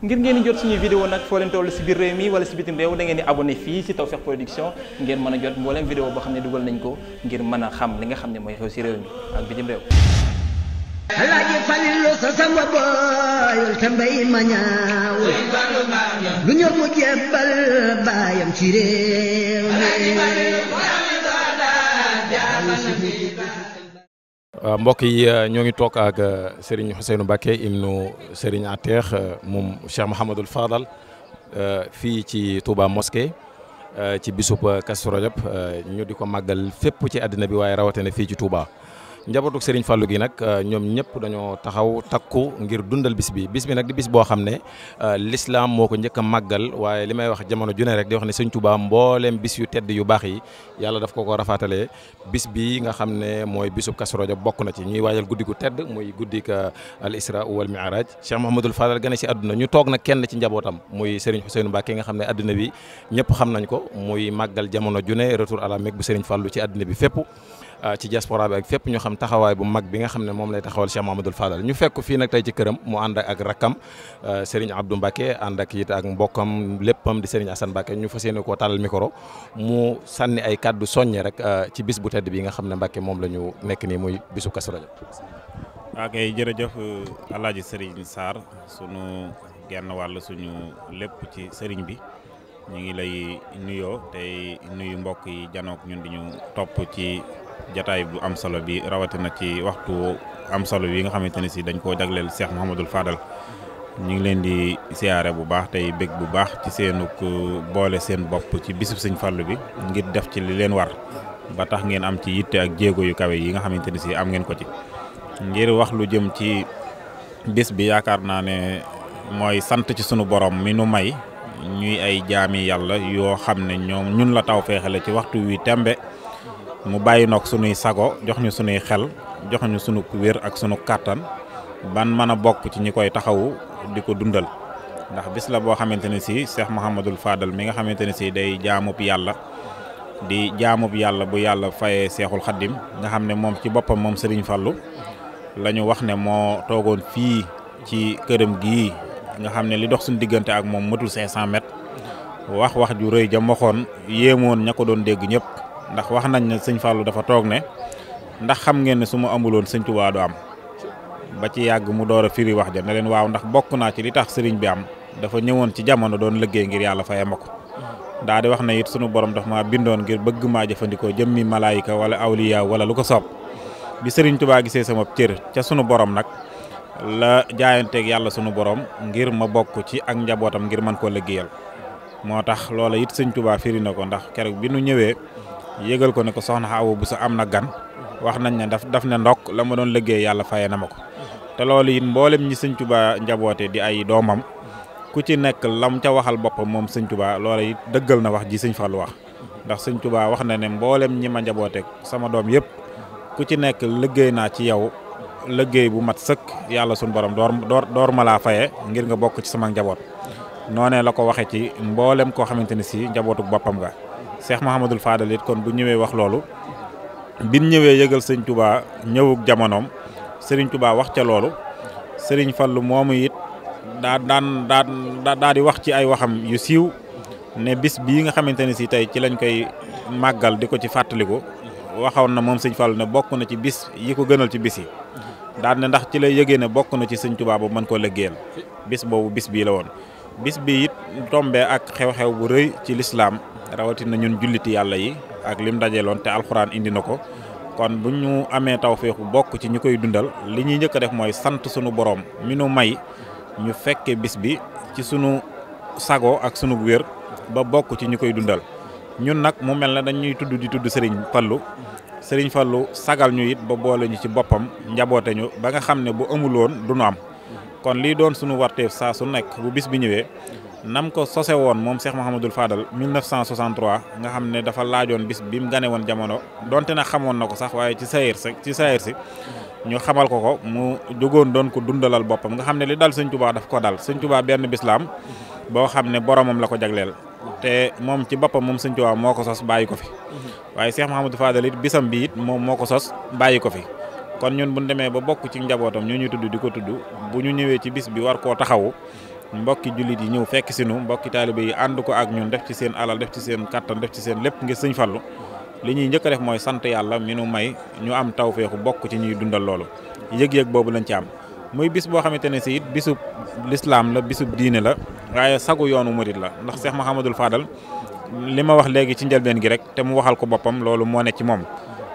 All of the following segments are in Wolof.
ngir ngeen jot suñu vidéo nag foo leen si biir réew mi wala si bitim réew da ngeen di abonné fii si Tawfekh Production ngeen mën a jot mbooleem vidéo boo xam ne dugal nañ ko ngir mën a xam li nga xam ne mooy xew si réew mi ak bitim réew alaaji lu ñëw mu jébbal baayam ci réew mi Euh, mbokk yi euh, ñoo ngi toog ak euh, Serigne Ousseynou Mbacké ibnu Serigne Ateex moom Cheikh Mouhamadul Fadal fii ci Touba Mosquée ci bisub Kazu Rajab ñu di ko màggal fépp ci àddina bi waaye rawatina fii ci Touba. njabootuk Serigne Fallou gi nag euh, ñoom ñëpp dañoo taxaw takku ngir dundal bis bi bis bi nag di bis boo xam ne euh, l'islam moo ko njëkk a màggal waaye li may wax jamono june rek di wax ne Serigne Touba mbooleem bis yu tedd yu baax yi yàlla daf ko ko rafaatalee bis bi nga xam ne mooy bisub bokk na ci ñuy waajal guddi gu tedd muy guddi ka wal mi'raj Cheikh Mouhamadoul Fadal gane si àdduna ñu toog nag kenn ci njabootam muy Serigne Ousseynou Mbacké nga xam ne àdduna bi ñëpp xam nañ ko muy màggal jamono june retour à la Mecque bu Serigne Fallou ci àdduna bi fépp Euh, ci diaspora bi ak fépp ñu xam taxawaay bu mag bi nga xam ne moom lay taxawal Cheikh Mamadou Fadal ñu fekk fi nag tey ci këram mu ànd ak rakkam euh, Serigne Abdou Mbacke ànd ak it ak mbokkam léppam di Serigne Assane Mbacke ñu fa yéene koo tàllal micro mu sànni ay kàddu soññe rek euh, ci bis bu tedd bi nga xam ne Mbacke moom la ñu nekk nii muy bisu Kazu Rajab. ok jërëjëf El Hadj Serigne Sarr sunu genn wàll suñu lépp ci Serigne bi. ñu ngi lay nuyoo tey nuyu mbokk yi janook ñun di ñu topp ci jataay bu am solo bi rawatina ci waxtu am solo yi nga xamante ne si dañ koo jagleel Cheikh Mouhamadul Fadal ñu ngi leen di siyaare bu baax tey bég bu baax ci seenuk boole seen bopp ci bisub sëñ Fallu bi ngir def ci li leen war ba tax ngeen am ci yitte ak jéego yu kawe yi nga xamante ne si am ngeen ko ci ngir wax lu jëm ci bis bi yaakaar naa ne mooy sant ci sunu borom mi nu may ñuy ay jaami yàlla yoo xam ne ñoom ñun la taw feexale ci waxtu wi tembe mu bàyyi noog sunuy sago jox ñu sunuy xel jox ñu sunu wér ak sunu kàttan ban mën a bokk ci ñu koy taxawu di ko dundal ndax bis la boo xamante ne si Cheikh Mouhamadul Fadal mi nga xamante ne si day jaamub yàlla di jaamub yàlla bu yàlla fayee Seexul Xaddim nga xam ne moom ci boppam moom Serigne Fallou la wax ne moo toogoon fii ci këram gii nga xam ne li dox suñu diggante ak moom matul 500 mètres wax wax ju rëy ja waxoon yéemoon ña ko doon dégg ñëpp ndax wax nañ ne sëñ Fallou dafa toog ne ndax xam ngeen ne su ma amuloon sëñ Tuubaa du am ba ci yàgg mu door a firi wax ja ne leen waaw ndax bokk naa ci li tax sëriñ bi am dafa ñëwoon ci jamono doon liggéey ngir yàlla faye ma ko daa di wax na it sunu borom dafa ma bindoon ngir bëgg maa jëfandikoo jëmmi malaayika wala awliya wala lu ko soob bi sëriñ Tuubaa gisee sama cër ca sunu borom nag la jaayanteeg yàlla sunu borom ngir ma bokk ci ak njabootam ngir mën koo liggéeyal moo tax loola it sëñ Touba firi na ko ndax keroog bi nu ñëwee yëgal ko ne ko soxna bu Bousso am na gan wax nañ ne daf daf ne ndokk la ma doon liggéey yàlla faye na ma ko te loolu it mboolem ñi sëñ Touba njaboote di ay doomam ku ci nekk lam ca waxal boppam moom sëñ Touba loola it dëggal na wax ji sëñ Fallou wax ndax sëñ Touba wax na ne mboolem ñi ma njaboote sama doom yëpp ku ci nekk liggéey naa ci yow liggéey bu mat sëkk yàlla suñu borom door door door ma laa faye ngir nga bokk ci sama njaboot noonee la ko waxee ci mboolem koo xamante ne si njabootuk boppam nga Cheikh Mouhamadul Fadal it kon bu ñëwee wax loolu bin ñëwee yëgal sëñ Touba ñëwuk jamonoom sëriñ Touba wax ca loolu sëriñ Fallu moomu it daa daan daa daa di wax ci ay waxam yu siiw ne bis bii nga xamante ne si tey ci lañ koy màggal di ko ci fàttaliku waxoon na moom sëñ Fallu ne bokk na ci bis yi ko gënal ci bis daal ndax ci la yëgee ne bokk na ci sëñ Tuubaa bu mën koo liggéeyal bis boobu bis bii la woon bis bi it tombee ak xew-xew bu rëy ci lislaam rawatina ñun julliti yàlla yi ak lim loon te alxuraan indi na ko kon bu ñu amee tawféexu bokk ci ñu koy dundal li ñuy njëkk a def mooy sant sunu borom mi nu may ñu fekke bis bi ci sunu sago ak sunu wér ba bokk ci ñu koy dundal ñun nag mu mel ne dañuy tudd di tudd Sëriñ Fallu sëriñ lu sagal ñu it ba boole ñu ci boppam njaboote ñu ba nga xam ne bu amuloon du nu am kon lii doon suñu warteef saa su nekk bu bis bi ñëwee nam ko sose woon moom seex Mouhamadul Fadal 1963 nga xam ne dafa laajoon bis bi mu gane woon jamono donte na xamoon na ko sax waaye ci sayir si ci sayir si ñu xamal ko ko mu jógoon doon ko dundalal boppam nga xam ne li dal sëñ Touba daf ko dal sëñ Touba benn bis boo xam ne boromam la ko jagleel te moom ci boppam moom sëñ Tuubaa moo ko sos bàyyi ko fi waaye Cheikh Mouhamadou Fadal it bisam bi it moom moo ko sos bàyyi ko fi kon ñun bu ñu demee ba bokk ci njabootam ñu ñu tudd di ko tudd bu ñu ñëwee ci bis bi war koo taxawu mbokki jullit yi ñëw fekk si nu mbokki taalibe yi ànd ko ak ñun def ci seen alal def ci seen kattan def ci seen lépp ngir sëñ Fallu li ñuy njëkk a def mooy sant yàlla mi nu may ñu am tawféexu bokk ci ñuy dundal loolu yëg-yëg boobu lañ ci am muy bis boo xamante ne si it bisub lislaam la bisub diine la waaye sagu yoonu murit la ndax Cheikh Mahamadul Fadal li ma wax léegi ci njëlbeen gi rek te mu waxal ko boppam loolu moo ne ci moom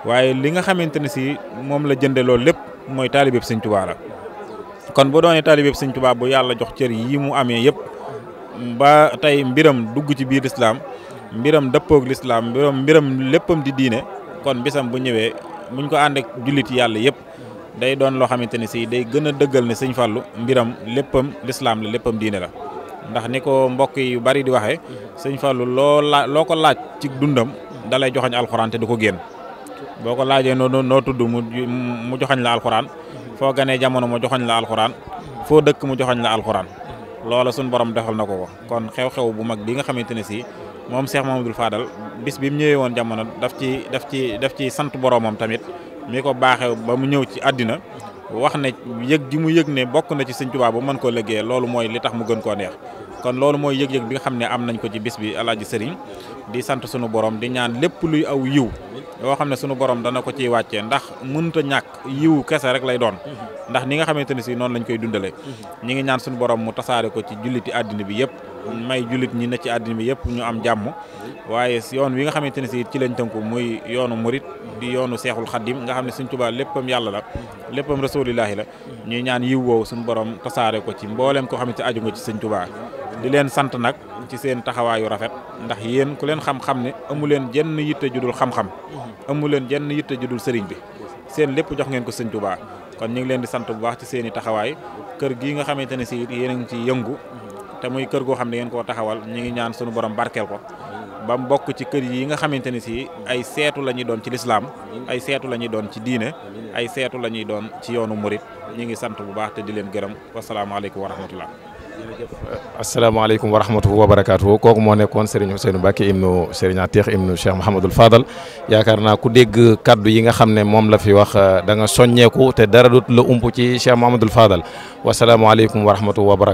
waaye li nga xamante ne si moom la jënde loolu lépp mooy taalibeeb Sëñ Tuubaa la kon bu doonee taalibeeb Sëñ Tuubaa bu yàlla jox cër yi mu amee yëpp ba tey mbiram dugg ci biir lislaam mbiram dëppoog lislaam mbiram mbiram léppam di diine kon bisam bu ñëwee buñ ko àndeek ak jullit yàlla yëpp day doon loo xamante ne si day gën a dëggal Sëñ Fallu mbiram léppam lislaam la léppam diine la ndax ni ko mbokk yu bari di waxee sëñ Fallou loo la loo ko laaj ci dundam dalay joxañ alxuraan te du ko génn boo ko laajee noo noo tudd mu joxañ la alxuraan foo ganee jamono mu joxañ la alxuraan foo dëkk mu joxañ la alxuraan loola suñ borom defal na ko ko kon xew-xew bu mag bi nga xamante ne si moom Cheikh Mamadou Fadal bis bi mu ñëwee woon jamono daf ci daf ci daf ci sant boromam tamit mi ko baaxee ba mu ñëw ci àddina wax ne yëg gi mu yëg ne bokk na ci sëñ Tuubaa ba mën koo liggéey loolu mooy li tax mu gën koo neex kon loolu mooy yëg-yëg bi xam ne am nañ ko ci bis bi alaaji sëriñ di sant sunu borom di ñaan lépp luy aw yiw yoo xam ne sunu borom dana ko ciy wàccee ndax mënut ñàkk yiw kese rek lay doon ndax ni nga xamante ne si noonu lañ koy dundale ñi ngi ñaan sunu borom mu tasaare ko ci julliti àddina bi yëpp may jullit ñi ne ci àddina bi yëpp ñu am jàmm waaye yoon wi nga xamante ne si ci lañ tënku muy yoonu murit di yoonu seexul xaddim nga xam ne suñ tubaa léppam yàlla la léppam rasulillahi la ñuy ñaan yiw woowu suñu borom tasaare ko ci mbooleem koo xamante aju nga ci suñ tubaa di leen sant nag ci seen taxawaayu rafet ndax yéen ku leen xam-xam ne amu leen jenn yitte ju dul xam-xam amu leen jenn yitte ju dul sëriñ bi seen lépp jox ngeen ko sëñ Tuubaa kon ñu ngi leen di sant bu baax ci seen i taxawaay kër gii nga xamante ne si yéen a ngi ci yëngu te muy kër goo xam ne ngeen koo taxawal ñu ngi ñaan sunu borom barkeel ko ba mu bokk ci kër yi nga xamante ne si ay seetu la ñuy doon ci lislaam ay seetu la ñuy doon ci diine ay seetu la ñuy doon ci yoonu murit ñu ngi sant bu baax te di leen gërëm wasalaamaaleykum wa rahmatullah asalaamaaleykum wa rahmatulah wa kooku moo nekkoon Serigne Ousseynou Mbacke ibnu Serigne Atiq ibnu Cheikh Mouhamadul Fadal yaakaar naa ku dégg kaddu yi nga xam ne moom la fi wax danga nga soññeeku te dara dut la ump ci Cheikh Mouhamadul Fadal wasalaamaaleykum wa rahmatulah wa